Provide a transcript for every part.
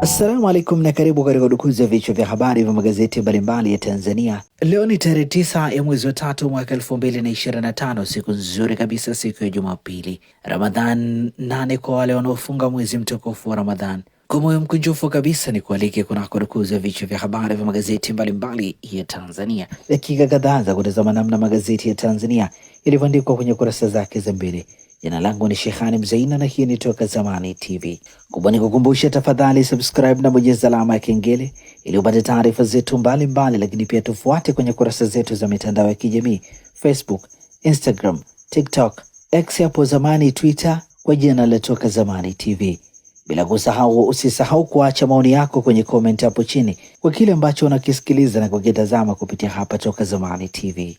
Assalamu alaikum na karibu katika udukuzi ya vichwa vya habari vya magazeti mbalimbali ya Tanzania. Leo ni tarehe tisa ya mwezi wa tatu mwaka elfu mbili na ishirini na tano, siku nzuri kabisa, siku ya Jumapili, Ramadhan nane kwa wale wanaofunga mwezi mtukufu wa Ramadhan. Kwa moyo mkunjufu kabisa ni kualike kunako dukuzi ya vichwa vya habari vya magazeti mbalimbali ya Tanzania, dakika kadhaa za kutazama namna magazeti ya Tanzania yalivyoandikwa kwenye kurasa zake za mbele. Jina langu ni Shehani Mzaina na hii ni Toka Zamani TV. Kubwa ni kukumbusha, tafadhali subscribe na bonyeza alama ya kengele ili upate taarifa zetu mbalimbali, lakini pia tufuate kwenye kurasa zetu za mitandao ya kijamii Facebook, Instagram, TikTok, X hapo zamani, Twitter kwa jina la Toka Zamani TV. Bila kusahau, usisahau kuacha maoni yako kwenye comment hapo chini kwa kile ambacho unakisikiliza na kukitazama kupitia hapa Toka Zamani TV.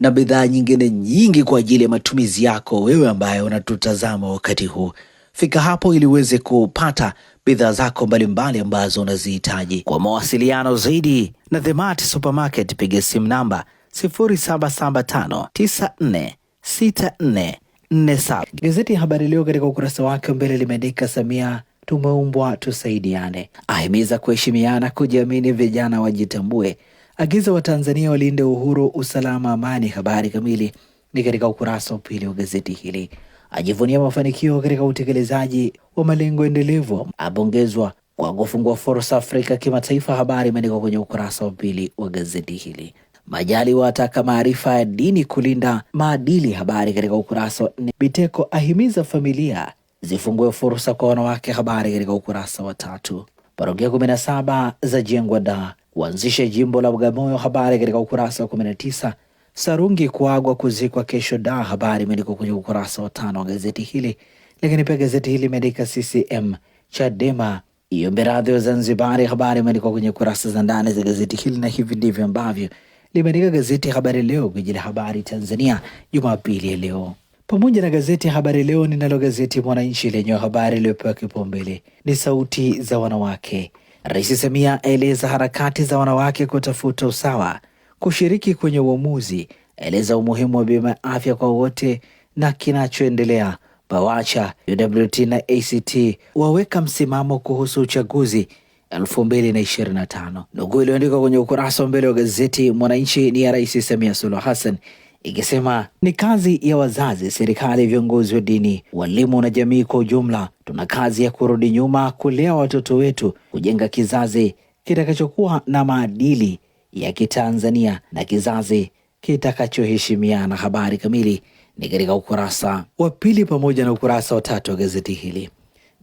na bidhaa nyingine nyingi kwa ajili ya matumizi yako wewe ambaye unatutazama wakati huu. Fika hapo ili uweze kupata bidhaa zako mbalimbali ambazo unazihitaji. Kwa mawasiliano zaidi na Themart Supermarket piga simu namba 0775946447. Gazeti ya Habari Leo katika ukurasa wake mbele limeandika Samia tumeumbwa tusaidiane, ahimiza kuheshimiana, kujiamini, vijana wajitambue agiza Watanzania walinde uhuru, usalama, amani. Habari kamili ni katika ukurasa wa pili wa gazeti hili. Ajivunia mafanikio katika utekelezaji wa malengo endelevu, apongezwa kwa kufungua fursa Afrika kimataifa. Habari imeandikwa kwenye ukurasa wa pili wa gazeti hili. majali ataka maarifa ya dini kulinda maadili. Habari katika ukurasa wa nne. Biteko ahimiza familia zifungue fursa kwa wanawake. Habari katika ukurasa wa tatu. Parokia kumi na saba za jengwa da uanzishe jimbo la Bagamoyo. Habari katika ukurasa wa 19. Sarungi kuagwa kuzikwa kesho da, habari imeandikwa kwenye ukurasa wa tano wa gazeti hili. Lakini pia gazeti hili imeandika CCM Chadema iombe radhi wa Zanzibari, habari imeandikwa kwenye kurasa za ndani za gazeti hili, na hivi ndivyo ambavyo limeandika gazeti Habari Leo, gwiji la habari Tanzania, Jumapili ya leo. Pamoja na gazeti Habari Leo, ninalo gazeti Mwananchi lenye habari iliyopewa kipaumbele ni sauti za wanawake Rais Samia aeleza harakati za wanawake kutafuta usawa, kushiriki kwenye uamuzi, aeleza umuhimu wa bima ya afya kwa wote na kinachoendelea. Bawacha, UWT na ACT waweka msimamo kuhusu uchaguzi 2025. Nukuu iliyoandikwa kwenye ukurasa wa mbele wa gazeti Mwananchi ni ya Rais Samia Suluhu Hassan ikisema ni kazi ya wazazi, serikali, viongozi wa dini, walimu na jamii kwa ujumla. Tuna kazi ya kurudi nyuma, kulea watoto wetu, kujenga kizazi kitakachokuwa na maadili ya Kitanzania na kizazi kitakachoheshimiana. Habari kamili ni katika ukurasa wa pili pamoja na ukurasa wa tatu wa gazeti hili.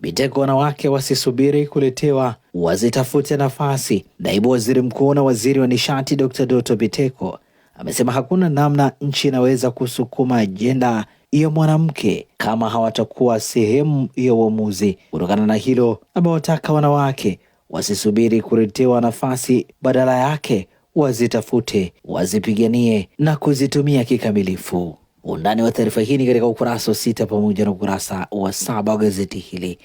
Biteko, wanawake wasisubiri kuletewa, wazitafute nafasi. Naibu waziri mkuu na waziri wa nishati Dr. Doto Biteko amesema hakuna namna nchi inaweza kusukuma ajenda ya mwanamke kama hawatakuwa sehemu ya uamuzi. Kutokana na hilo, amewataka wanawake wasisubiri kuretewa nafasi, badala yake wazitafute, wazipiganie na kuzitumia kikamilifu. Undani wa taarifa hii ni katika ukurasa wa sita pamoja na ukurasa wa saba wa gazeti hili.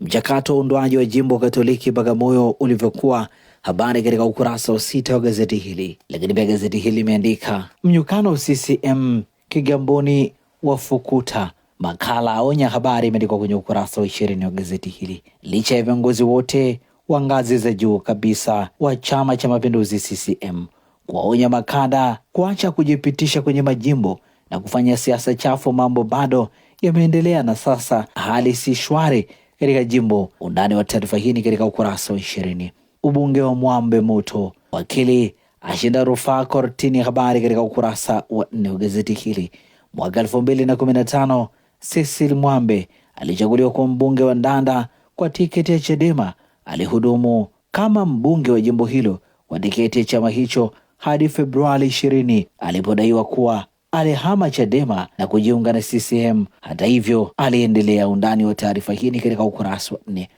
Mchakato wa uundwaji wa jimbo Katoliki Bagamoyo ulivyokuwa habari katika ukurasa wa sita wa gazeti hili. Lakini pia gazeti hili limeandika mnyukano wa CCM Kigamboni wafukuta makala aonya, habari imeandikwa kwenye ukurasa wa ishirini wa gazeti hili. Licha ya viongozi wote wa ngazi za juu kabisa wa Chama cha Mapinduzi CCM kuwaonya makada kuacha kujipitisha kwenye majimbo na kufanya siasa chafu, mambo bado yameendelea na sasa hali si shwari katika jimbo. Undani wa taarifa hii ni katika ukurasa wa ishirini ubunge wa Mwambe Moto. Wakili ashinda rufaa kortini. Habari katika ukurasa wa nne wa gazeti hili. Mwaka elfu mbili na kumi na tano Cecil Mwambe alichaguliwa kuwa mbunge wa Ndanda kwa tiketi ya Chadema. Alihudumu kama mbunge wa jimbo hilo kwa tiketi ya chama hicho hadi Februari ishirini alipodaiwa kuwa alihama Chadema na kujiunga na CCM. Hata hivyo aliendelea. Undani wa taarifa hii ni katika ukurasa wa nne.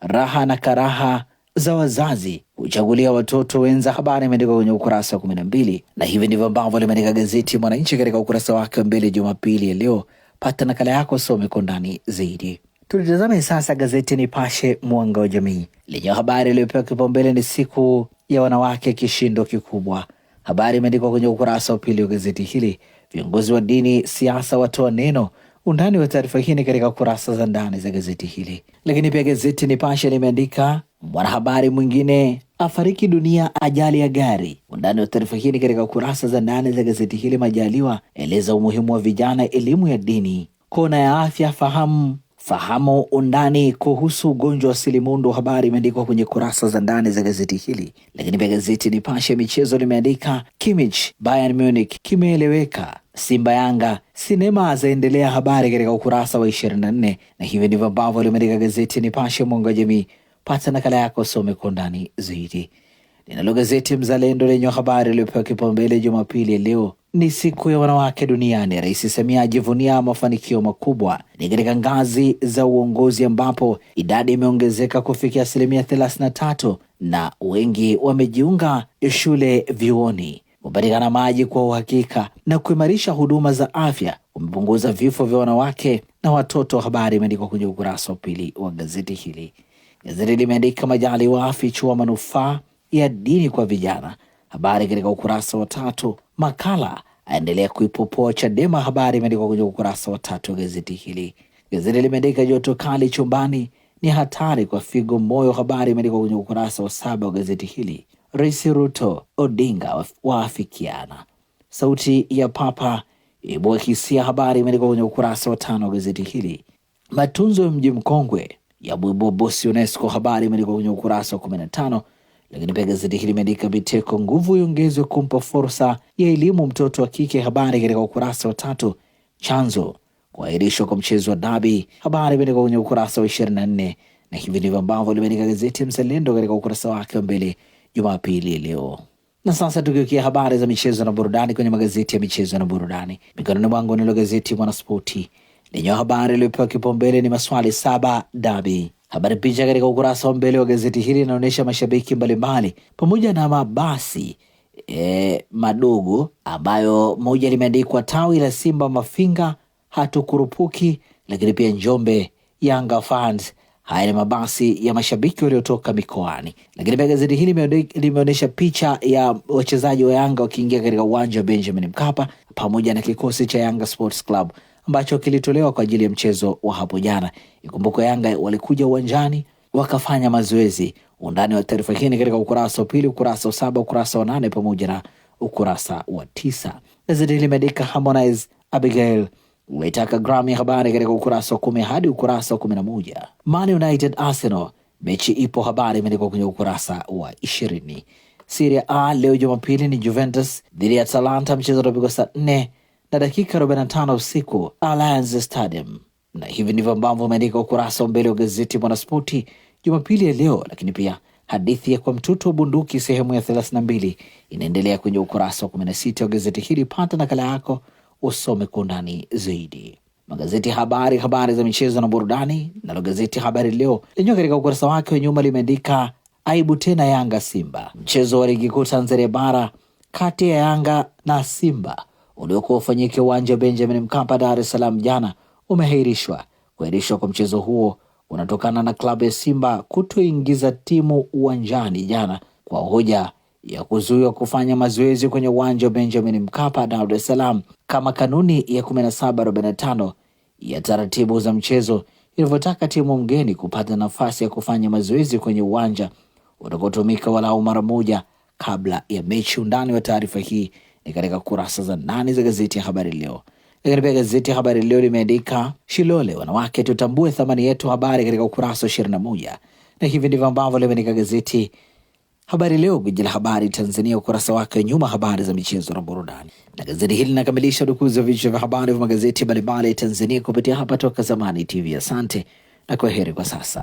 Raha na karaha za wazazi huchagulia watoto wenza. Habari imeandikwa kwenye ukurasa wa kumi na mbili na hivi ndivyo ambavyo limeandika gazeti Mwananchi katika ukurasa wake wa mbele Jumapili ya leo. Pata nakala yako, some kwa ndani zaidi. Tulitazame sasa gazeti Nipashe Mwanga wa Jamii lenye habari iliyopewa kipaumbele ni siku ya wanawake, kishindo kikubwa. Habari imeandikwa kwenye ukurasa wa pili wa gazeti hili. Viongozi wa dini, siasa watoa neno undani wa taarifa hii ni katika kurasa za ndani za gazeti hili. Lakini pia gazeti Nipashe limeandika Mwanahabari mwingine afariki dunia ajali ya gari. Undani wa taarifa hii ni katika kurasa za ndani za gazeti hili. Majaliwa eleza umuhimu wa vijana, elimu ya dini, kona ya afya, fahamu fahamu undani kuhusu ugonjwa wa silimundu. Habari imeandikwa kwenye kurasa za ndani za gazeti hili, lakini pia gazeti Nipashe ya michezo limeandika Kimmich Bayern Munich kimeeleweka, Simba Yanga sinema zaendelea, habari katika ukurasa wa 24 na hivyo ndivyo ambavyo limeandika gazeti Nipashe mwanga jamii Pata nakala yako usome kwa undani zaidi. Ninalo gazeti Mzalendo lenye habari iliyopewa kipaumbele Jumapili leo ni siku ya wanawake duniani. Rais Samia ajivunia mafanikio makubwa ni katika ngazi za uongozi, ambapo idadi imeongezeka kufikia asilimia 33 na wengi wamejiunga shule, vyuoni, kupatikana maji kwa uhakika na kuimarisha huduma za afya umepunguza vifo vya wanawake na watoto. Habari imeandikwa kwenye ukurasa wa pili wa gazeti hili. Gazeti limeandika Majaliwa afichua manufaa ya dini kwa vijana, habari katika ukurasa wa tatu. Makala aendelea kuipopoa Chadema, habari imeandikwa kwenye ukurasa wa tatu wa gazeti hili. Gazeti limeandika joto kali chumbani ni hatari kwa figo, moyo, habari imeandikwa kwenye ukurasa wa saba wa gazeti hili. Rais Ruto Odinga waafikiana, sauti ya Papa ibua hisia, habari imeandikwa kwenye ukurasa wa tano wa gazeti hili. Matunzo ya mji mkongwe ya Bosi UNESCO. Habari imeandikwa kwenye ukurasa wa kumi na tano. Lakini pia gazeti hili limeandika Biteko, nguvu iongezwe kumpa fursa ya elimu mtoto wa kike. Habari katika ukurasa wa tatu. Chanzo kuahirishwa kwa mchezo wa dabi. Habari imeandikwa kwenye ukurasa wa ishirini na nne. Na hivi ndivyo ambavyo limeandika gazeti ya Mzalendo katika ukurasa wake wa mbele Jumapili ya leo. Na sasa tukiukia habari za michezo na burudani kwenye magazeti ya michezo na burudani mikononi mwangu, nilo gazeti Mwanaspoti lenyewe habari iliyopewa kipaumbele ni maswali saba dabi. Habari picha katika ukurasa wa mbele wa gazeti hili inaonyesha mashabiki mbalimbali pamoja na mabasi e, madogo ambayo moja limeandikwa tawi la Simba Mafinga hatukurupuki, lakini pia Njombe Yanga fans. Haya ni mabasi ya mashabiki waliotoka mikoani, lakini pia gazeti hili limeonyesha picha ya wachezaji wa Yanga wakiingia katika uwanja wa Benjamin Mkapa pamoja na kikosi cha Yanga Sports Club ambacho kilitolewa kwa ajili ya mchezo wa hapo jana. Ikumbuko Yanga walikuja uwanjani wakafanya mazoezi. Undani wa taarifa hii katika ukurasa wa pili, ukurasa wa saba, ukurasa wa nane pamoja na ukurasa wa tisa. Gazeti limeandika Harmonize Abigail waitaka Grammy ya habari katika ukurasa wa kumi hadi ukurasa wa kumi na moja. Man United Arsenal mechi ipo, habari imeandikwa kwenye ukurasa wa ishirini. Serie A leo Jumapili ni Juventus dhidi ya Atalanta, mchezo utapigwa saa nne na dakika 45 usiku Alliance Stadium. Na hivi ndivyo ambavyo umeandika ukurasa wa mbele wa gazeti Mwanaspoti Jumapili ya leo, lakini pia hadithi ya kwa mtoto wa bunduki sehemu ya 32 inaendelea kwenye ukurasa wa 16 wa gazeti hili. Pata nakala yako usome kwa undani zaidi. Magazeti ya habari, habari za michezo na burudani. Nalo gazeti Habari Leo lenyewe katika ukurasa wake wa nyuma limeandika aibu tena Yanga Simba. Mchezo wa ligi kuu Tanzania bara kati ya Yanga na Simba uliokuwa ufanyike uwanja wa Benjamin Mkapa, Dar es Salaam jana umehairishwa. Kuahirishwa kwa mchezo huo unatokana na klabu ya Simba kutoingiza timu uwanjani jana kwa hoja ya kuzuiwa kufanya mazoezi kwenye uwanja wa Benjamin Mkapa, Dar es Salaam, kama kanuni ya 1745 ya taratibu za mchezo ilivyotaka timu mgeni kupata nafasi ya kufanya mazoezi kwenye uwanja utakaotumika walau mara moja kabla ya mechi. Undani wa taarifa hii ni e katika kurasa za nane za gazeti ya Habari Leo. Lakini e pia gazeti ya Habari Leo limeandika Shilole, wanawake tutambue thamani yetu, habari katika ukurasa wa ishirini na moja na hivi ndivyo ambavyo limeandika gazeti Habari Leo, gwiji la habari Tanzania, ukurasa wake nyuma, habari za michezo na burudani. Na gazeti hili linakamilisha udukuzi wa vichwa vya habari vya magazeti mbalimbali Tanzania kupitia hapa Toka Zamani TV. Asante na kwa heri kwa sasa.